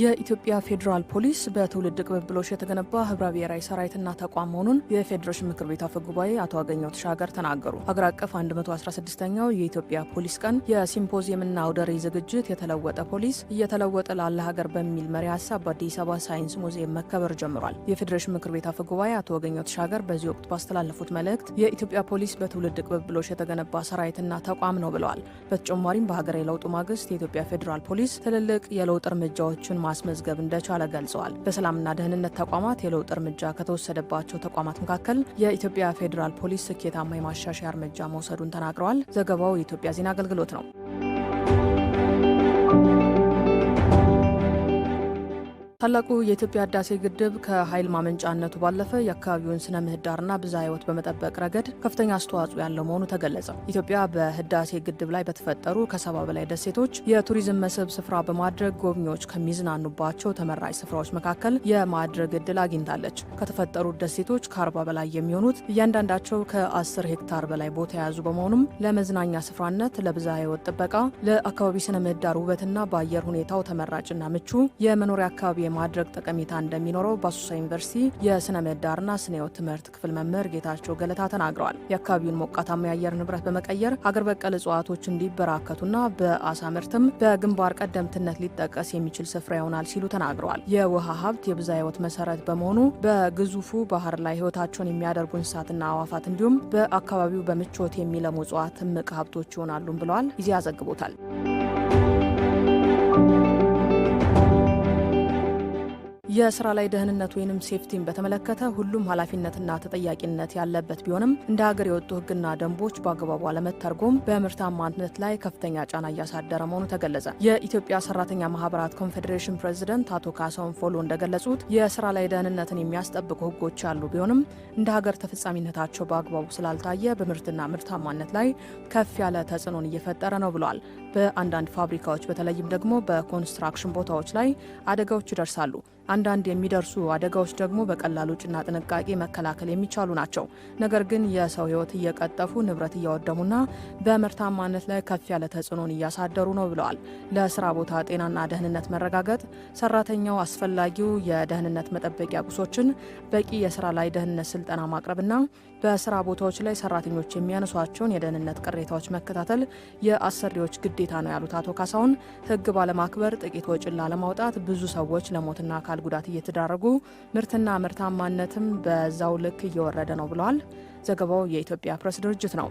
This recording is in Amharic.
የኢትዮጵያ ፌዴራል ፖሊስ በትውልድ ቅብብሎች የተገነባ ህብረ ብሔራዊ ሰራዊትና ተቋም መሆኑን የፌዴሬሽን ምክር ቤት አፈ ጉባኤ አቶ አገኘው ተሻገር ተናገሩ። ሀገር አቀፍ 116ኛው የኢትዮጵያ ፖሊስ ቀን የሲምፖዚየምና አውደ ርዕይ ዝግጅት የተለወጠ ፖሊስ እየተለወጠ ላለ ሀገር በሚል መሪ ሀሳብ በአዲስ አበባ ሳይንስ ሙዚየም መከበር ጀምሯል። የፌዴሬሽን ምክር ቤት አፈ ጉባኤ አቶ አገኘው ተሻገር በዚህ ወቅት ባስተላለፉት መልእክት የኢትዮጵያ ፖሊስ በትውልድ ቅብብሎች የተገነባ ሰራዊትና ተቋም ነው ብለዋል። በተጨማሪም በሀገራዊ ለውጡ ማግስት የኢትዮጵያ ፌዴራል ፖሊስ ትልልቅ የለውጥ እርምጃዎችን ማስመዝገብ እንደቻለ ገልጸዋል። በሰላምና ደህንነት ተቋማት የለውጥ እርምጃ ከተወሰደባቸው ተቋማት መካከል የኢትዮጵያ ፌዴራል ፖሊስ ስኬታማ የማሻሻያ እርምጃ መውሰዱን ተናግረዋል። ዘገባው የኢትዮጵያ ዜና አገልግሎት ነው። ታላቁ የኢትዮጵያ ህዳሴ ግድብ ከኃይል ማመንጫነቱ ባለፈ የአካባቢውን ስነ ምህዳርና ብዝሃ ህይወት በመጠበቅ ረገድ ከፍተኛ አስተዋጽኦ ያለው መሆኑ ተገለጸ። ኢትዮጵያ በህዳሴ ግድብ ላይ በተፈጠሩ ከሰባ በላይ ደሴቶች የቱሪዝም መስህብ ስፍራ በማድረግ ጎብኚዎች ከሚዝናኑባቸው ተመራጭ ስፍራዎች መካከል የማድረግ እድል አግኝታለች። ከተፈጠሩት ደሴቶች ከአርባ በላይ የሚሆኑት እያንዳንዳቸው ከአስር ሄክታር በላይ ቦታ የያዙ በመሆኑም ለመዝናኛ ስፍራነት፣ ለብዝሃ ህይወት ጥበቃ፣ ለአካባቢ ስነ ምህዳር ውበትና በአየር ሁኔታው ተመራጭና ምቹ የመኖሪያ አካባቢ ማድረግ ጠቀሜታ እንደሚኖረው በአሶሳ ዩኒቨርሲቲ የስነ ምህዳርና ስነ ህይወት ትምህርት ክፍል መምህር ጌታቸው ገለታ ተናግረዋል። የአካባቢውን ሞቃታማ የአየር ንብረት በመቀየር አገር በቀል እጽዋቶች እንዲበራከቱና በአሳ ምርትም በግንባር ቀደምትነት ሊጠቀስ የሚችል ስፍራ ይሆናል ሲሉ ተናግረዋል። የውሃ ሀብት የብዛ ህይወት መሰረት በመሆኑ በግዙፉ ባህር ላይ ህይወታቸውን የሚያደርጉ እንስሳትና አዋፋት እንዲሁም በአካባቢው በምቾት የሚለሙ እጽዋት እምቅ ሀብቶች ይሆናሉም ብለዋል። ይዚያ ዘግቦታል። የስራ ላይ ደህንነት ወይንም ሴፍቲን በተመለከተ ሁሉም ኃላፊነትና ተጠያቂነት ያለበት ቢሆንም እንደ ሀገር የወጡ ህግና ደንቦች በአግባቡ አለመተርጎም በምርታማነት ላይ ከፍተኛ ጫና እያሳደረ መሆኑ ተገለጸ። የኢትዮጵያ ሰራተኛ ማህበራት ኮንፌዴሬሽን ፕሬዚደንት አቶ ካሳሁን ፎሎ እንደገለጹት የስራ ላይ ደህንነትን የሚያስጠብቁ ህጎች ያሉ ቢሆንም እንደ ሀገር ተፈጻሚነታቸው በአግባቡ ስላልታየ በምርትና ምርታማነት ላይ ከፍ ያለ ተጽዕኖን እየፈጠረ ነው ብለዋል። በአንዳንድ ፋብሪካዎች በተለይም ደግሞ በኮንስትራክሽን ቦታዎች ላይ አደጋዎች ይደርሳሉ። አንዳንድ የሚደርሱ አደጋዎች ደግሞ በቀላሉ ውጭና ጥንቃቄ መከላከል የሚቻሉ ናቸው። ነገር ግን የሰው ሕይወት እየቀጠፉ ንብረት እያወደሙና በምርታማነት ላይ ከፍ ያለ ተጽዕኖን እያሳደሩ ነው ብለዋል። ለስራ ቦታ ጤናና ደህንነት መረጋገጥ ሰራተኛው አስፈላጊው የደህንነት መጠበቂያ ቁሶችን፣ በቂ የስራ ላይ ደህንነት ስልጠና ማቅረብና በስራ ቦታዎች ላይ ሰራተኞች የሚያነሷቸውን የደህንነት ቅሬታዎች መከታተል የአሰሪዎች ግዴ ግዴታ ነው ያሉት አቶ ካሳሁን ህግ ባለማክበር ጥቂት ወጪን ላለማውጣት ብዙ ሰዎች ለሞትና አካል ጉዳት እየተዳረጉ ምርትና ምርታማነትም በዛው ልክ እየወረደ ነው ብለዋል። ዘገባው የኢትዮጵያ ፕሬስ ድርጅት ነው።